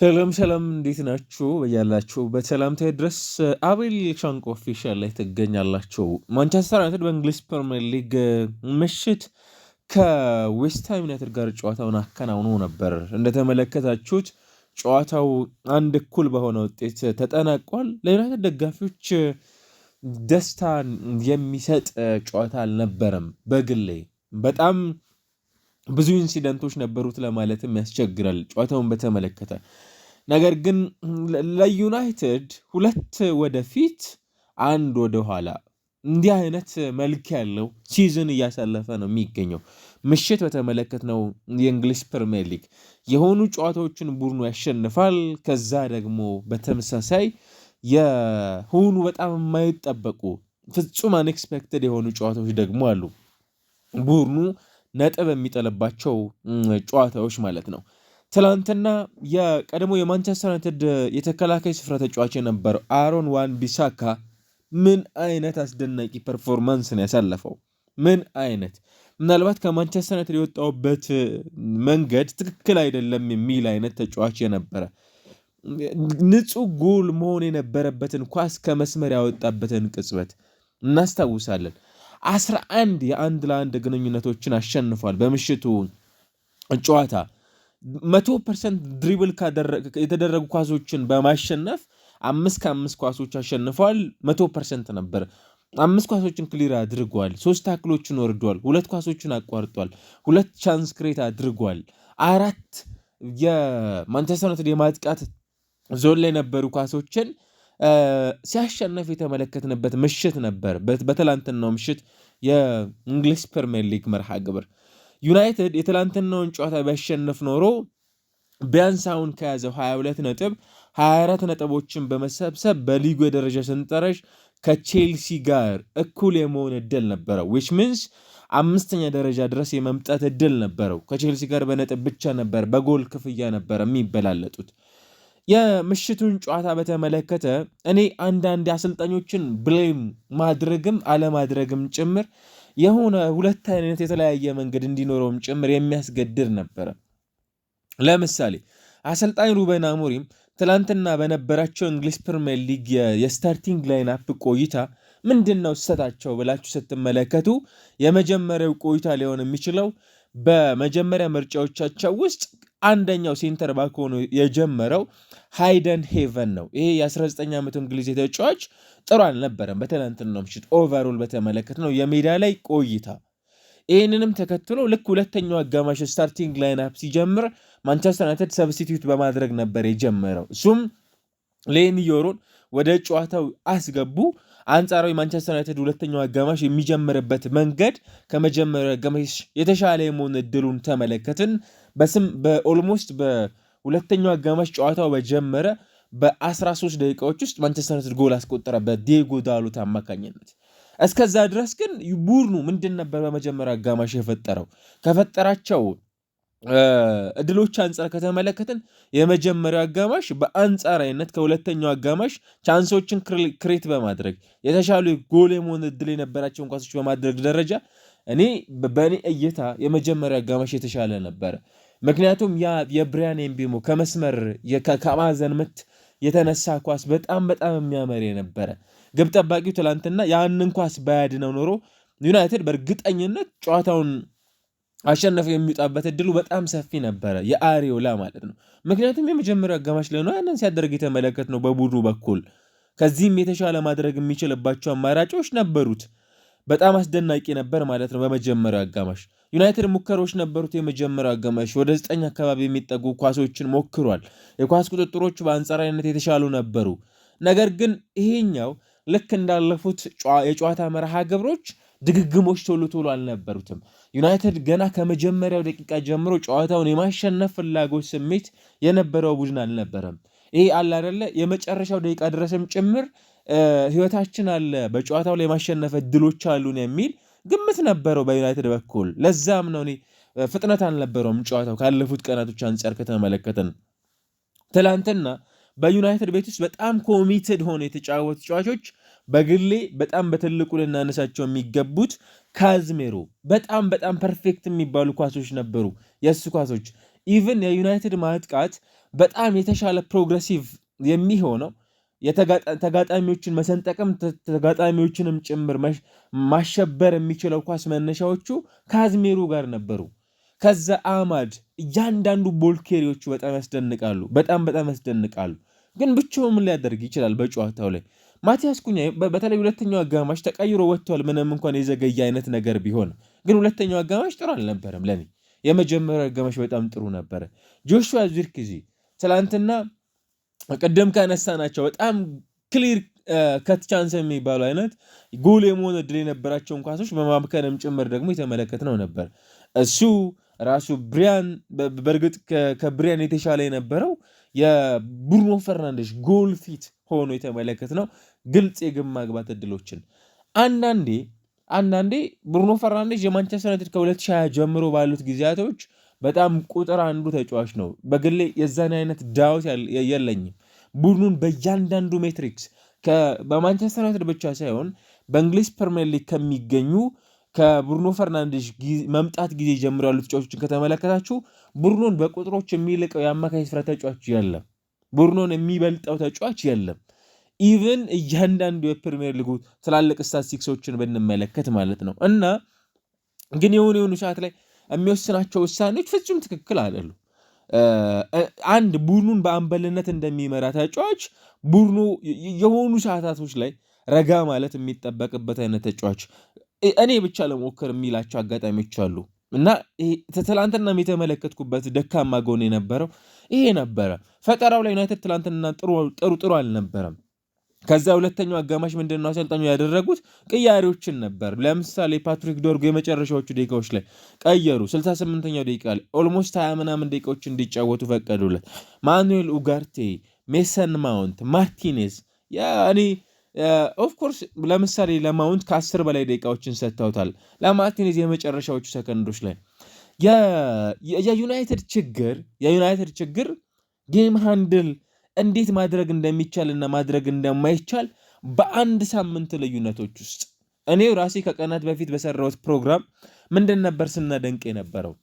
ሰላም ሰላም፣ እንዴት ናችሁ? በያላችሁበት ሰላምታዬ ድረስ። አቤል ሻንቆ ኦፊሻል ላይ ትገኛላችሁ። ማንቸስተር ዩናይትድ በእንግሊዝ ፕሪምየር ሊግ ምሽት ከዌስትሃም ዩናይትድ ጋር ጨዋታውን አከናውኖ ነበር። እንደተመለከታችሁት ጨዋታው አንድ እኩል በሆነ ውጤት ተጠናቋል። ለዩናይትድ ደጋፊዎች ደስታን የሚሰጥ ጨዋታ አልነበረም። በግሌ በጣም ብዙ ኢንሲደንቶች ነበሩት ለማለትም ያስቸግራል ጨዋታውን በተመለከተ። ነገር ግን ለዩናይትድ ሁለት ወደፊት አንድ ወደኋላ እንዲህ አይነት መልክ ያለው ሲዝን እያሳለፈ ነው የሚገኘው። ምሽት በተመለከት ነው የእንግሊዝ ፕሪምየር ሊግ የሆኑ ጨዋታዎችን ቡድኑ ያሸንፋል። ከዛ ደግሞ በተመሳሳይ የሆኑ በጣም የማይጠበቁ ፍጹም አንኤክስፔክትድ የሆኑ ጨዋታዎች ደግሞ አሉ ቡድኑ ነጥብ የሚጠለባቸው ጨዋታዎች ማለት ነው። ትላንትና የቀድሞ የማንቸስተር ዩናይትድ የተከላካይ ስፍራ ተጫዋች የነበረው አሮን ዋን ቢሳካ ምን አይነት አስደናቂ ፐርፎርማንስ ነው ያሳለፈው! ምን አይነት ምናልባት ከማንቸስተር ዩናይትድ የወጣውበት መንገድ ትክክል አይደለም የሚል አይነት ተጫዋች የነበረ ንጹህ ጎል መሆን የነበረበትን ኳስ ከመስመር ያወጣበትን ቅጽበት እናስታውሳለን። አስራ አንድ የአንድ ለአንድ ግንኙነቶችን አሸንፏል። በምሽቱ ጨዋታ መቶ ፐርሰንት ድሪብል የተደረጉ ኳሶችን በማሸነፍ አምስት ከአምስት ኳሶች አሸንፏል። መቶ ፐርሰንት ነበር። አምስት ኳሶችን ክሊር አድርጓል። ሶስት ታክሎችን ወርዷል። ሁለት ኳሶችን አቋርጧል። ሁለት ቻንስ ክሬት አድርጓል። አራት የማንቸስተር ዩናይትድ የማጥቃት ዞን ላይ የነበሩ ኳሶችን ሲያሸነፍ የተመለከትንበት ምሽት ነበር። በትላንትናው ምሽት የእንግሊዝ ፕሪምየር ሊግ መርሃ ግብር ዩናይትድ የትላንትናውን ጨዋታ ቢያሸንፍ ኖሮ ቢያንስ አሁን ከያዘው 22 ነጥብ 24 ነጥቦችን በመሰብሰብ በሊጉ የደረጃ ሰንጠረዥ ከቼልሲ ጋር እኩል የመሆን እድል ነበረው። ዊች ሚንስ አምስተኛ ደረጃ ድረስ የመምጣት እድል ነበረው። ከቼልሲ ጋር በነጥብ ብቻ ነበር፣ በጎል ክፍያ ነበር የሚበላለጡት። የምሽቱን ጨዋታ በተመለከተ እኔ አንዳንድ አሰልጣኞችን ብሌም ማድረግም አለማድረግም ጭምር የሆነ ሁለት አይነት የተለያየ መንገድ እንዲኖረውም ጭምር የሚያስገድድ ነበረ። ለምሳሌ አሰልጣኝ ሩበን አሞሪም ትላንትና በነበራቸው እንግሊዝ ፕሪምየር ሊግ የስታርቲንግ ላይን አፕ ቆይታ ምንድን ነው ስህተታቸው ብላችሁ ስትመለከቱ የመጀመሪያው ቆይታ ሊሆን የሚችለው በመጀመሪያ ምርጫዎቻቸው ውስጥ አንደኛው ሴንተር ባክ ሆኖ የጀመረው ሃይደን ሄቨን ነው። ይሄ የ19 ዓመቱ እንግሊዝ ተጫዋች ጥሩ አልነበረም። በትናንትናው ምሽት ኦቨሮል በተመለከት ነው የሜዳ ላይ ቆይታ። ይህንንም ተከትሎ ልክ ሁለተኛው አጋማሽ ስታርቲንግ ላይንፕ ሲጀምር ማንቸስተር ዩናይትድ ሰብስቲቱት በማድረግ ነበር የጀመረው። እሱም ሌኒ ዮሮን ወደ ጨዋታው አስገቡ። አንጻራዊ ማንቸስተር ዩናይትድ ሁለተኛው አጋማሽ የሚጀምርበት መንገድ ከመጀመሪያው አጋማሽ የተሻለ የመሆን እድሉን ተመለከትን። በስም በኦልሞስት በሁለተኛው አጋማሽ ጨዋታው በጀመረ በ13 ደቂቃዎች ውስጥ ማንቸስተር ዩናይትድ ጎል አስቆጠረ በዲጎ ዳሎት አማካኝነት። እስከዛ ድረስ ግን ቡድኑ ምንድን ነበር በመጀመሪያ አጋማሽ የፈጠረው ከፈጠራቸው እድሎች አንጻር ከተመለከትን የመጀመሪያው አጋማሽ በአንጻራዊነት ከሁለተኛው አጋማሽ ቻንሶችን ክሬት በማድረግ የተሻሉ ጎል የመሆን እድል የነበራቸውን ኳሶች በማድረግ ደረጃ እኔ በእኔ እይታ የመጀመሪያው አጋማሽ የተሻለ ነበረ። ምክንያቱም ያ የብሪያን ኤምቢሞ ከመስመር ከማዕዘን ምት የተነሳ ኳስ በጣም በጣም የሚያመር የነበረ ግብ ጠባቂው ትላንትና ያንን ኳስ ባያድነው ኖሮ ዩናይትድ በእርግጠኝነት ጨዋታውን አሸነፈው የሚወጣበት እድሉ በጣም ሰፊ ነበረ፣ የአሪዮላ ማለት ነው። ምክንያቱም የመጀመሪያው አጋማሽ ላይ ነው ያንን ሲያደርግ የተመለከት ነው በቡድኑ በኩል ከዚህም የተሻለ ማድረግ የሚችልባቸው አማራጮች ነበሩት። በጣም አስደናቂ ነበር ማለት ነው። በመጀመሪያው አጋማሽ ዩናይትድ ሙከሮች ነበሩት። የመጀመሪያው አጋማሽ ወደ ዘጠኝ አካባቢ የሚጠጉ ኳሶችን ሞክሯል። የኳስ ቁጥጥሮች በአንጻራዊነት የተሻሉ ነበሩ። ነገር ግን ይሄኛው ልክ እንዳለፉት የጨዋታ መርሃ ግብሮች ድግግሞች ቶሎ ቶሎ አልነበሩትም። ዩናይትድ ገና ከመጀመሪያው ደቂቃ ጀምሮ ጨዋታውን የማሸነፍ ፍላጎት ስሜት የነበረው ቡድን አልነበረም። ይህ አለ አይደለ የመጨረሻው ደቂቃ ድረስም ጭምር ህይወታችን አለ በጨዋታው ላይ የማሸነፈ ድሎች አሉን የሚል ግምት ነበረው በዩናይትድ በኩል። ለዛም ነው እኔ ፍጥነት አልነበረውም ጨዋታው ካለፉት ቀናቶች አንጻር ከተመለከትን ትላንትና በዩናይትድ ቤት ውስጥ በጣም ኮሚትድ ሆነ የተጫወቱ ተጫዋቾች በግሌ በጣም በትልቁ ልናነሳቸው የሚገቡት ካዝሜሮ በጣም በጣም ፐርፌክት የሚባሉ ኳሶች ነበሩ። የእሱ ኳሶች ኢቨን የዩናይትድ ማጥቃት በጣም የተሻለ ፕሮግረሲቭ የሚሆነው ተጋጣሚዎችን መሰንጠቅም ተጋጣሚዎችንም ጭምር ማሸበር የሚችለው ኳስ መነሻዎቹ ካዝሜሮ ጋር ነበሩ። ከዛ አማድ እያንዳንዱ ቦልኬሪዎቹ በጣም ያስደንቃሉ፣ በጣም በጣም ያስደንቃሉ። ግን ብቻውን ምን ሊያደርግ ይችላል በጨዋታው ላይ ማቲያስ ኩኛ በተለይ ሁለተኛው አጋማሽ ተቀይሮ ወጥቷል። ምንም እንኳን የዘገየ አይነት ነገር ቢሆን ግን ሁለተኛው አጋማሽ ጥሩ አልነበረም ለኔ። የመጀመሪያው አጋማሽ በጣም ጥሩ ነበረ። ጆሹዋ ዚርክዚ ትላንትና ቅድም ካነሳ ናቸው በጣም ክሊር ከትቻንስ የሚባሉ አይነት ጎል የመሆን እድል የነበራቸውን ኳሶች በማምከንም ጭምር ደግሞ የተመለከትነው ነበር እሱ ራሱ ብሪያን በእርግጥ ከብሪያን የተሻለ የነበረው የብሩኖ ፈርናንዴሽ ጎል ፊት ሆኖ የተመለከት ነው። ግልጽ የግብ ማግባት እድሎችን አንዳንዴ አንዳንዴ ብሩኖ ፈርናንዴዝ የማንቸስተር ዩናይትድ ከ2020 ጀምሮ ባሉት ጊዜያቶች በጣም ቁጥር አንዱ ተጫዋች ነው። በግሌ የዛን አይነት ዳውት የለኝም። ቡድኑን በእያንዳንዱ ሜትሪክስ በማንቸስተር ዩናይትድ ብቻ ሳይሆን በእንግሊዝ ፕሪምየር ሊግ ከሚገኙ ከብሩኖ ፈርናንዴዝ መምጣት ጊዜ ጀምሮ ያሉ ተጫዋቾችን ከተመለከታችሁ ቡድኑን በቁጥሮች የሚልቀው የአማካይ ስፍራ ተጫዋች የለም። ቡርኖን የሚበልጠው ተጫዋች የለም። ኢቭን እያንዳንዱ የፕሪሚየር ሊጉ ትላልቅ ስታቲስቲክሶችን ብንመለከት ማለት ነው እና ግን የሆኑ የሆኑ ሰዓት ላይ የሚወስናቸው ውሳኔዎች ፍጹም ትክክል አይደሉም። አንድ ቡድኑን በአምበልነት እንደሚመራ ተጫዋች ቡድኑ የሆኑ ሰዓታቶች ላይ ረጋ ማለት የሚጠበቅበት አይነት ተጫዋች እኔ ብቻ ለሞክር የሚላቸው አጋጣሚዎች አሉ እና ትላንትና የተመለከትኩበት ደካማ ጎን የነበረው ይሄ ነበረ ፈጠራው ላይ ዩናይትድ ትላንትና ጥሩ ጥሩ አልነበረም። ከዛ ሁለተኛው አጋማሽ ምንድን ነው አሰልጣኙ ያደረጉት ቅያሪዎችን ነበር። ለምሳሌ ፓትሪክ ዶርጎ የመጨረሻዎቹ ደቂቃዎች ላይ ቀየሩ። 68ኛው ደቂቃ ላይ ኦልሞስት 20 ምናምን ደቂቃዎች እንዲጫወቱ ፈቀዱለት። ማኑኤል ኡጋርቴ፣ ሜሰን ማውንት፣ ማርቲኔዝ እኔ ኦፍኮርስ ለምሳሌ ለማውንት ከአስር በላይ ደቂቃዎችን ሰጥተውታል። ለማርቲኔዝ የመጨረሻዎቹ ሰከንዶች ላይ የዩናይትድ ችግር የዩናይትድ ችግር ጌም ሃንድል እንዴት ማድረግ እና ማድረግ እንደማይቻል በአንድ ሳምንት ልዩነቶች ውስጥ እኔ ራሴ ከቀናት በፊት በሰራሁት ፕሮግራም ምንድን ነበር ስናደንቅ የነበረው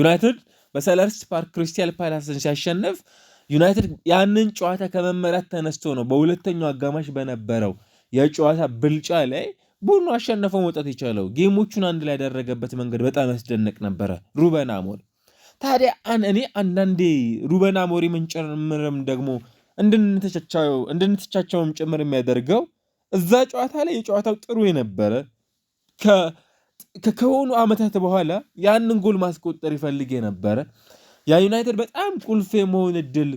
ዩናይትድ በሰለርስ ፓርክ ክሪስታል ፓላስን ሲያሸንፍ ዩናይትድ ያንን ጨዋታ ከመመራት ተነስቶ ነው በሁለተኛው አጋማሽ በነበረው የጨዋታ ብልጫ ላይ ቡድኑ አሸነፈው መውጣት የቻለው ጌሞቹን አንድ ላይ ያደረገበት መንገድ በጣም ያስደነቅ ነበረ። ሩበን አሞሪም ታዲያ እኔ አንዳንዴ ሩበን አሞሪምን ምንጨምርም ደግሞ እንድንተቻቸውም ጭምር የሚያደርገው እዛ ጨዋታ ላይ የጨዋታው ጥሩ የነበረ ከሆኑ ዓመታት በኋላ ያንን ጎል ማስቆጠር ይፈልግ የነበረ ያ ዩናይትድ በጣም ቁልፍ የመሆን እድል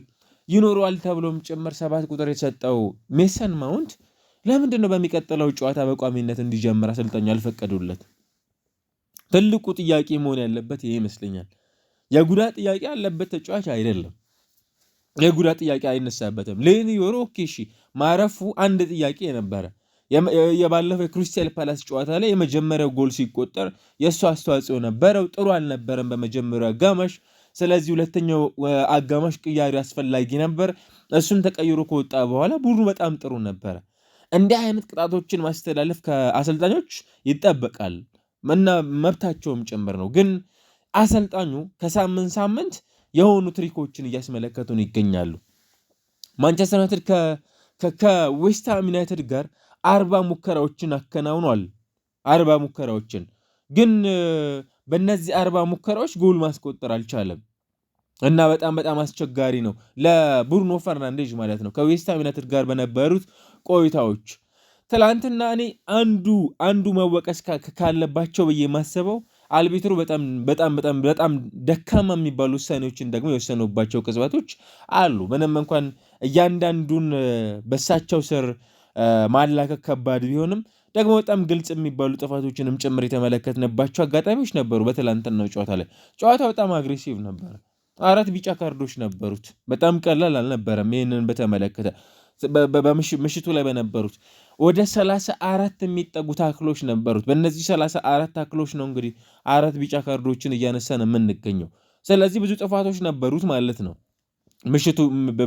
ይኖረዋል ተብሎም ጭምር ሰባት ቁጥር የተሰጠው ሜሰን ማውንት ለምንድነው በሚቀጥለው ጨዋታ በቋሚነት እንዲጀምር አሰልጣኙ አልፈቀዱለት ትልቁ ጥያቄ መሆን ያለበት ይሄ ይመስለኛል። የጉዳት ጥያቄ ያለበት ተጫዋች አይደለም። የጉዳት ጥያቄ አይነሳበትም። ሌኒ ዮሮ ኦኬ፣ እሺ ማረፉ አንድ ጥያቄ ነበረ። የባለፈው የክሪስታል ፓላስ ጨዋታ ላይ የመጀመሪያው ጎል ሲቆጠር የእሱ አስተዋጽኦ ነበረው። ጥሩ አልነበረም በመጀመሪያው አጋማሽ። ስለዚህ ሁለተኛው አጋማሽ ቅያሪ አስፈላጊ ነበር። እሱም ተቀይሮ ከወጣ በኋላ ቡድኑ በጣም ጥሩ ነበረ። እንዲህ አይነት ቅጣቶችን ማስተላለፍ ከአሰልጣኞች ይጠበቃል እና መብታቸውም ጭምር ነው። ግን አሰልጣኙ ከሳምንት ሳምንት የሆኑ ትሪኮችን እያስመለከቱን ይገኛሉ። ማንቸስተር ዩናይትድ ከዌስትሃም ዩናይትድ ጋር አርባ ሙከራዎችን አከናውኗል። አርባ ሙከራዎችን ግን በእነዚህ አርባ ሙከራዎች ጎል ማስቆጠር አልቻለም እና በጣም በጣም አስቸጋሪ ነው ለብሩኖ ፈርናንዴዥ ማለት ነው። ከዌስትሃም ዩናይትድ ጋር በነበሩት ቆይታዎች ትላንትና እኔ አንዱ አንዱ መወቀስ ካለባቸው ብዬ የማስበው አልቤትሮ በጣም በጣም በጣም በጣም ደካማ የሚባሉ ውሳኔዎችን ደግሞ የወሰኑባቸው ቅጽበቶች አሉ። ምንም እንኳን እያንዳንዱን በሳቸው ስር ማላከክ ከባድ ቢሆንም ደግሞ በጣም ግልጽ የሚባሉ ጥፋቶችንም ጭምር የተመለከትንባቸው አጋጣሚዎች ነበሩ። በትላንትናው ጨዋታ ላይ ጨዋታ በጣም አግሬሲቭ ነበር አራት ቢጫ ካርዶች ነበሩት። በጣም ቀላል አልነበረም። ይህንን በተመለከተ ምሽቱ ላይ በነበሩት ወደ ሰላሳ አራት የሚጠጉ ታክሎች ነበሩት። በእነዚህ 34 አራት ታክሎች ነው እንግዲህ አራት ቢጫ ካርዶችን እያነሳን የምንገኘው። ስለዚህ ብዙ ጥፋቶች ነበሩት ማለት ነው ምሽቱ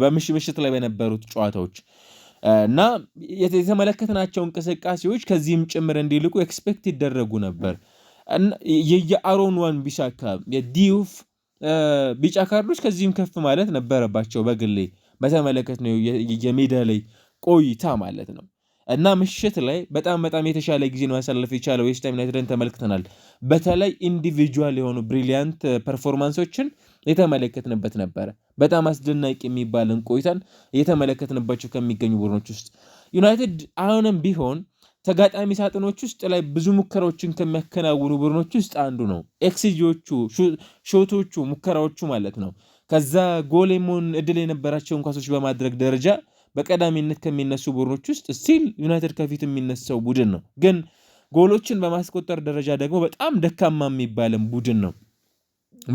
በምሽት ላይ በነበሩት ጨዋታዎች እና የተመለከትናቸው እንቅስቃሴዎች ከዚህም ጭምር እንዲልቁ ኤክስፔክት ይደረጉ ነበር። የአሮን ዋን ቢሳካ የዲዩፍ ቢጫ ካርዶች ከዚህም ከፍ ማለት ነበረባቸው በግሌ በተመለከት ነው የሜዳ ላይ ቆይታ ማለት ነው። እና ምሽት ላይ በጣም በጣም የተሻለ ጊዜ ነው ያሳለፍ የቻለው ዌስት ዩናይትድን ተመልክተናል። በተለይ ኢንዲቪጁዋል የሆኑ ብሪሊያንት ፐርፎርማንሶችን የተመለከትንበት ነበረ። በጣም አስደናቂ የሚባልን ቆይታን የተመለከትንባቸው ከሚገኙ ቡድኖች ውስጥ ዩናይትድ አሁንም ቢሆን ተጋጣሚ ሳጥኖች ውስጥ ላይ ብዙ ሙከራዎችን ከሚያከናውኑ ቡድኖች ውስጥ አንዱ ነው። ኤክሲጂዎቹ፣ ሾቶቹ፣ ሙከራዎቹ ማለት ነው ከዛ ጎል የመሆን እድል የነበራቸውን ኳሶች በማድረግ ደረጃ በቀዳሚነት ከሚነሱ ቡድኖች ውስጥ ስቲል ዩናይትድ ከፊት የሚነሳው ቡድን ነው። ግን ጎሎችን በማስቆጠር ደረጃ ደግሞ በጣም ደካማ የሚባለን ቡድን ነው።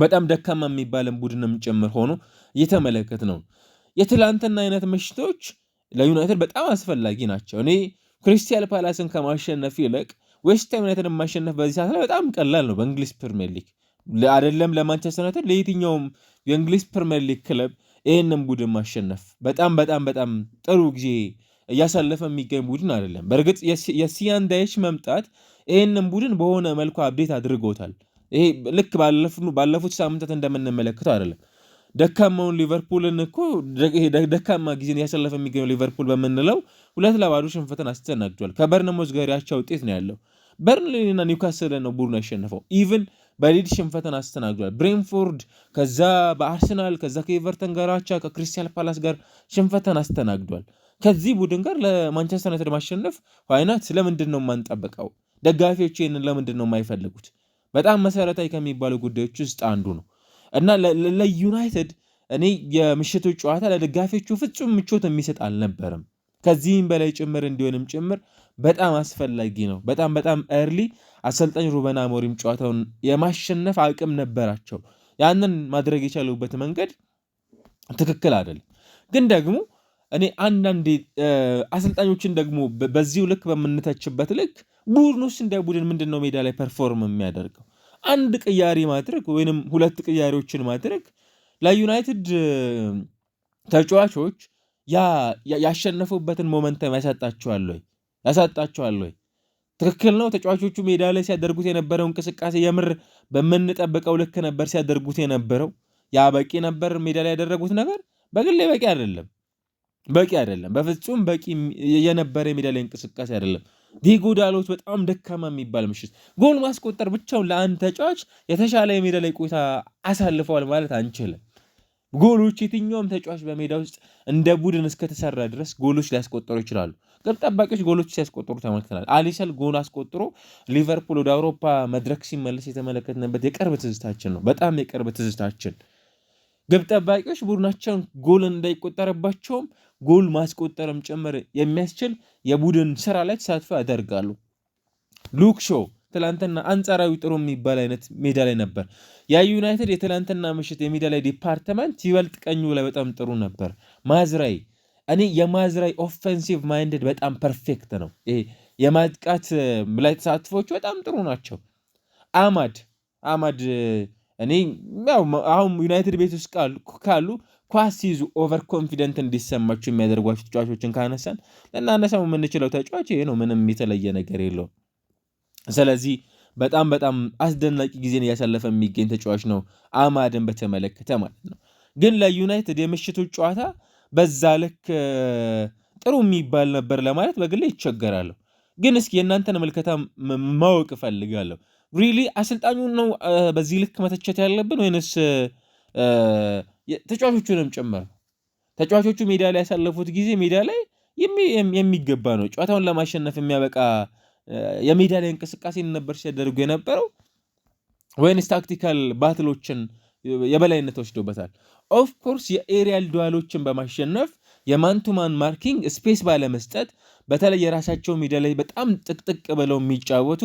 በጣም ደካማ የሚባለን ቡድንም ጭምር ሆኖ እየተመለከት ነው። የትላንትና አይነት ምሽቶች ለዩናይትድ በጣም አስፈላጊ ናቸው። እኔ ክሪስታል ፓላስን ከማሸነፍ ይልቅ ዌስትሃም ዩናይትድን ማሸነፍ በዚህ ሰዓት ላይ በጣም ቀላል ነው። በእንግሊዝ ፕሪሚየር ሊግ አይደለም ለማንቸስተር ዩናይትድ ለየትኛውም የእንግሊዝ ፕሪምየር ሊግ ክለብ ይህንን ቡድን ማሸነፍ በጣም በጣም በጣም ጥሩ ጊዜ እያሳለፈ የሚገኝ ቡድን አይደለም። በእርግጥ የሲያንዳይች መምጣት ይህንን ቡድን በሆነ መልኩ አብዴት አድርጎታል። ይሄ ልክ ባለፉት ሳምንታት እንደምንመለከተው አይደለም። ደካማውን ሊቨርፑልን እኮ ደካማ ጊዜን እያሳለፈ የሚገኘው ሊቨርፑል በምንለው ሁለት ለባዶ ሽንፈትን አስተናግዷል። ከበርንሞዝ ጋር ያቻ ውጤት ነው ያለው። በርንሌና ኒውካስል ነው ቡድኑ ያሸነፈው ኢቭን በሊድ ሽንፈትን አስተናግዷል። ብሬንፎርድ ከዛ በአርሰናል ከዛ ከኤቨርተን ጋር አቻ ከክሪስታል ፓላስ ጋር ሽንፈትን አስተናግዷል። ከዚህ ቡድን ጋር ለማንቸስተር ዩናይትድ ማሸነፍ ዋይናት ስለምንድን ነው የማንጠብቀው? ደጋፊዎች ይህንን ለምንድን ነው የማይፈልጉት? በጣም መሰረታዊ ከሚባሉ ጉዳዮች ውስጥ አንዱ ነው እና ለዩናይትድ እኔ የምሽቱ ጨዋታ ለደጋፊዎቹ ፍጹም ምቾት የሚሰጥ አልነበረም። ከዚህም በላይ ጭምር እንዲሆንም ጭምር በጣም አስፈላጊ ነው። በጣም በጣም ኤርሊ አሰልጣኝ ሩበን አሞሪም ጨዋታውን የማሸነፍ አቅም ነበራቸው። ያንን ማድረግ የቻሉበት መንገድ ትክክል አይደለም። ግን ደግሞ እኔ አንዳንዴ አሰልጣኞችን ደግሞ በዚሁ ልክ በምንተችበት ልክ ቡድኖች እንደ ቡድን ምንድን ነው ሜዳ ላይ ፐርፎርም የሚያደርገው አንድ ቅያሪ ማድረግ ወይንም ሁለት ቅያሪዎችን ማድረግ ለዩናይትድ ተጫዋቾች ያሸነፉበትን ሞመንተም ያሰጣቸዋል ወይ? ያሳጣቸዋል ወይ? ትክክል ነው። ተጫዋቾቹ ሜዳ ላይ ሲያደርጉት የነበረው እንቅስቃሴ የምር በምንጠብቀው ልክ ነበር ሲያደርጉት የነበረው ያ በቂ ነበር። ሜዳ ላይ ያደረጉት ነገር በግሌ በቂ አይደለም፣ በቂ አይደለም፣ በፍጹም በቂ የነበረ የሜዳ ላይ እንቅስቃሴ አይደለም። ዲጎ ዳሎት በጣም ደካማ የሚባል ምሽት። ጎል ማስቆጠር ብቻውን ለአንድ ተጫዋች የተሻለ የሜዳ ላይ ቆይታ አሳልፈዋል ማለት አንችልም። ጎሎች የትኛውም ተጫዋች በሜዳ ውስጥ እንደ ቡድን እስከተሰራ ድረስ ጎሎች ሊያስቆጠሩ ይችላሉ። ግብ ጠባቂዎች ጎሎች ሲያስቆጥሩ ተመልክተናል። አሊሰል ጎል አስቆጥሮ ሊቨርፑል ወደ አውሮፓ መድረክ ሲመለስ የተመለከትንበት የቅርብ ትዝታችን ነው። በጣም የቅርብ ትዝታችን። ግብ ጠባቂዎች ቡድናቸውን ጎል እንዳይቆጠርባቸውም ጎል ማስቆጠርም ጭምር የሚያስችል የቡድን ስራ ላይ ተሳትፎ ያደርጋሉ። ሉክ ሾው ትላንትና አንጻራዊ ጥሩ የሚባል አይነት ሜዳ ላይ ነበር። ያ ዩናይትድ የትላንትና ምሽት የሜዳ ላይ ዲፓርትመንት ይበልጥ ቀኙ ላይ በጣም ጥሩ ነበር። ማዝራይ እኔ የማዝራይ ኦፌንሲቭ ማይንድድ በጣም ፐርፌክት ነው። የማጥቃት ላይ ተሳትፎቹ በጣም ጥሩ ናቸው። አማድ አማድ እኔ ያው አሁን ዩናይትድ ቤት ውስጥ ካሉ ኳስ ሲይዙ ኦቨር ኮንፊደንት እንዲሰማችሁ የሚያደርጓቸው ተጫዋቾችን ካነሳን ልናነሳው የምንችለው ተጫዋች ይሄ ነው። ምንም የተለየ ነገር የለውም። ስለዚህ በጣም በጣም አስደናቂ ጊዜን እያሳለፈ የሚገኝ ተጫዋች ነው አማድን በተመለከተ ማለት ነው። ግን ለዩናይትድ የምሽቱ ጨዋታ በዛ ልክ ጥሩ የሚባል ነበር ለማለት በግሌ ይቸገራለሁ። ግን እስኪ የእናንተን ምልከታ ማወቅ እፈልጋለሁ። ሪሊ አሰልጣኙ ነው በዚህ ልክ መተቸት ያለብን ወይንስ ተጫዋቾቹንም ጭምር? ተጫዋቾቹ ሜዳ ላይ ያሳለፉት ጊዜ ሜዳ ላይ የሚገባ ነው፣ ጨዋታውን ለማሸነፍ የሚያበቃ የሜዳ ላይ እንቅስቃሴን ነበር ሲያደርጉ የነበረው ወይንስ ታክቲካል ባትሎችን የበላይነት ወስዶበታል? ኦፍኮርስ የኤሪያል ዱዋሎችን በማሸነፍ የማንቱማን ማርኪንግ ስፔስ ባለመስጠት በተለይ የራሳቸው ሜዳ ላይ በጣም ጥቅጥቅ ብለው የሚጫወቱ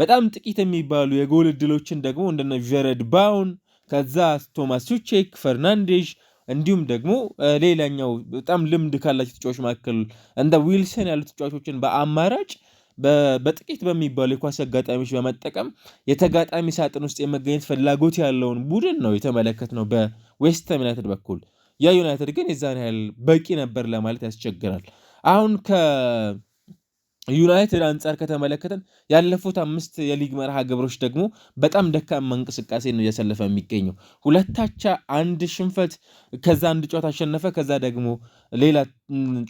በጣም ጥቂት የሚባሉ የጎል እድሎችን ደግሞ እንደነ ጀረድ ባውን ከዛ ቶማስ ሱቼክ፣ ፈርናንዴዥ እንዲሁም ደግሞ ሌላኛው በጣም ልምድ ካላቸው ተጫዋች መካከል እንደ ዊልሰን ያሉ ተጫዋቾችን በአማራጭ በጥቂት በሚባሉ የኳስ አጋጣሚዎች በመጠቀም የተጋጣሚ ሳጥን ውስጥ የመገኘት ፍላጎት ያለውን ቡድን ነው ነው በዌስትሃም ዩናይትድ በኩል። ያ ዩናይትድ ግን የዛን ያህል በቂ ነበር ለማለት ያስቸግራል። አሁን ከዩናይትድ አንጻር ከተመለከተን ያለፉት አምስት የሊግ መርሃ ግብሮች ደግሞ በጣም ደካማ እንቅስቃሴ ነው እያሰለፈ የሚገኘው። ሁለታቻ አንድ ሽንፈት፣ ከዛ አንድ ጨዋታ አሸነፈ፣ ከዛ ደግሞ ሌላ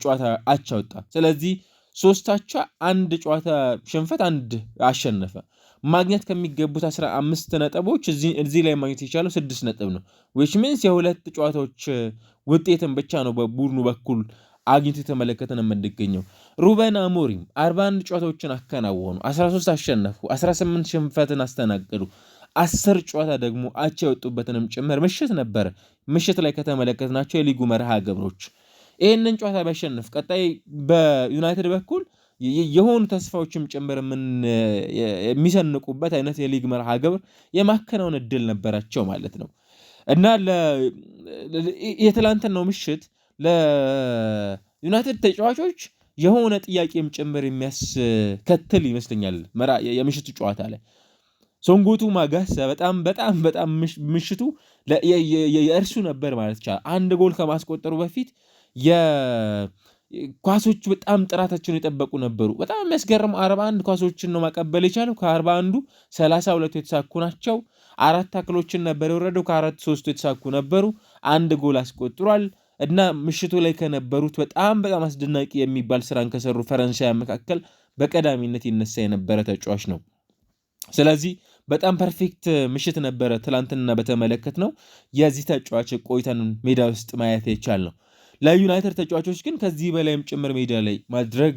ጨዋታ አቻ ወጣ። ስለዚህ ሶስት አንድ ጨዋታ ሽንፈት፣ አንድ አሸነፈ። ማግኘት ከሚገቡት 15 ነጥቦች እዚህ ላይ ማግኘት የቻለው ስድስት ነጥብ ነው። ዊች ሚንስ የሁለት ጨዋታዎች ውጤትን ብቻ ነው በቡድኑ በኩል አግኝቶ የተመለከተ ነው የምንገኘው። ሩበን አሞሪም 41 ጨዋታዎችን አከናወኑ፣ 13 አሸነፉ፣ 18 ሽንፈትን አስተናገዱ። አስር ጨዋታ ደግሞ አቻ የወጡበትንም ጭምር ምሽት ነበረ። ምሽት ላይ ከተመለከትናቸው የሊጉ መርሃ ግብሮች ይህንን ጨዋታ ቢያሸንፍ ቀጣይ በዩናይትድ በኩል የሆኑ ተስፋዎችም ጭምር የሚሰንቁበት አይነት የሊግ መርሃ ግብር የማከናወን እድል ነበራቸው ማለት ነው እና የትላንትናው ምሽት ለዩናይትድ ተጫዋቾች የሆነ ጥያቄም ጭምር የሚያስከትል ይመስለኛል። የምሽቱ ጨዋታ ላይ ሶንጎቱ ማጋሳ በጣም በጣም በጣም ምሽቱ የእርሱ ነበር ማለት ይቻላል። አንድ ጎል ከማስቆጠሩ በፊት የኳሶቹ በጣም ጥራታቸውን የጠበቁ ነበሩ። በጣም የሚያስገርም አርባ አንድ ኳሶችን ነው ማቀበል የቻለው። ከአርባ አንዱ ሰላሳ ሁለቱ የተሳኩ ናቸው። አራት ታክሎችን ነበር የወረደው። ከአራት ሶስቱ የተሳኩ ነበሩ። አንድ ጎል አስቆጥሯል። እና ምሽቱ ላይ ከነበሩት በጣም በጣም አስደናቂ የሚባል ስራን ከሰሩ ፈረንሳይ መካከል በቀዳሚነት ይነሳ የነበረ ተጫዋች ነው። ስለዚህ በጣም ፐርፌክት ምሽት ነበረ ትላንትና በተመለከት ነው የዚህ ተጫዋች ቆይታን ሜዳ ውስጥ ማየት የቻል ነው። ለዩናይትድ ተጫዋቾች ግን ከዚህ በላይም ጭምር ሜዳ ላይ ማድረግ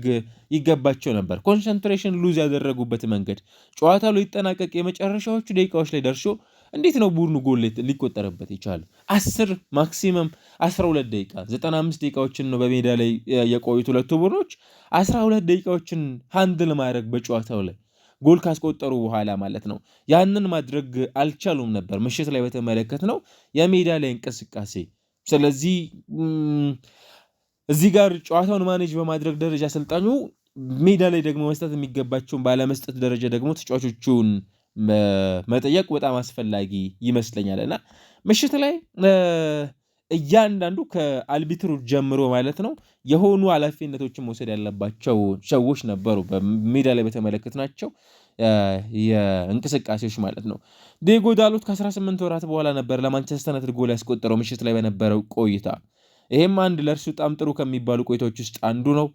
ይገባቸው ነበር። ኮንሰንትሬሽን ሉዝ ያደረጉበት መንገድ ጨዋታ ሊጠናቀቅ የመጨረሻዎቹ ደቂቃዎች ላይ ደርሶ እንዴት ነው ቡድኑ ጎል ሊቆጠርበት የቻለው? አስር ማክሲመም 12 ደቂቃ 95 ደቂቃዎችን ነው በሜዳ ላይ የቆዩት ሁለቱ ቡድኖች 12 ደቂቃዎችን ሃንድል ማድረግ በጨዋታው ላይ ጎል ካስቆጠሩ በኋላ ማለት ነው። ያንን ማድረግ አልቻሉም ነበር። ምሽት ላይ በተመለከት ነው የሜዳ ላይ እንቅስቃሴ ስለዚህ እዚህ ጋር ጨዋታውን ማኔጅ በማድረግ ደረጃ አሰልጣኙ፣ ሜዳ ላይ ደግሞ መስጠት የሚገባቸውን ባለመስጠት ደረጃ ደግሞ ተጫዋቾቹን መጠየቅ በጣም አስፈላጊ ይመስለኛል እና ምሽት ላይ እያንዳንዱ ከአልቢትሩ ጀምሮ ማለት ነው የሆኑ ኃላፊነቶችን መውሰድ ያለባቸው ሰዎች ነበሩ። በሜዳ ላይ በተመለከትናቸው የእንቅስቃሴዎች ማለት ነው። ዴጎ ዳሎት ከ18 ወራት በኋላ ነበር ለማንቸስተር ዩናይትድ ጎል ያስቆጠረው ምሽት ላይ በነበረው ቆይታ። ይሄም አንድ ለእርሱ በጣም ጥሩ ከሚባሉ ቆይታዎች ውስጥ አንዱ ነው።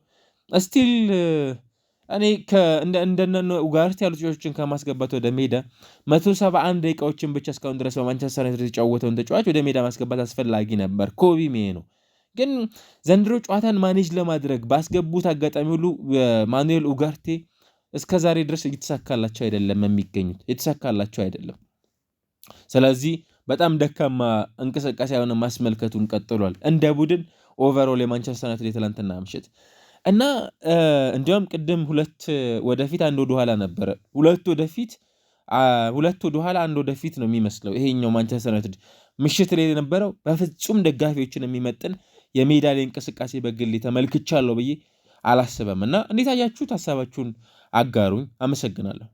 ስቲል እኔ እንደነ ኡጋርት ያሉ ተጫዋቾችን ከማስገባት ወደ ሜዳ 171 ደቂቃዎችን ብቻ እስካሁን ድረስ በማንቸስተር ዩናይትድ የተጫወተውን ተጫዋች ወደ ሜዳ ማስገባት አስፈላጊ ነበር። ኮቢ ሜይ ነው። ግን ዘንድሮ ጨዋታን ማኔጅ ለማድረግ ባስገቡት አጋጣሚ ሁሉ ማኑኤል ኡጋርቴ እስከ ዛሬ ድረስ እየተሳካላቸው አይደለም የሚገኙት እየተሳካላቸው አይደለም። ስለዚህ በጣም ደካማ እንቅስቃሴ የሆነ ማስመልከቱን ቀጥሏል። እንደ ቡድን ኦቨርኦል የማንቸስተር ዩናይትድ የትላንትና ምሽት እና እንደውም ቅድም ሁለት ወደፊት አንድ ወደኋላ ነበረ ሁለት ወደፊት ሁለት ወደኋላ አንድ ወደፊት ነው የሚመስለው ይሄኛው ማንቸስተር ዩናይትድ ምሽት ላይ የነበረው በፍጹም ደጋፊዎችን የሚመጥን የሜዳ ላይ እንቅስቃሴ በግሌ ተመልክቻለሁ ብዬ አላስበም እና እንዴት አያችሁት? ሀሳባችሁን አጋሩኝ። አመሰግናለሁ።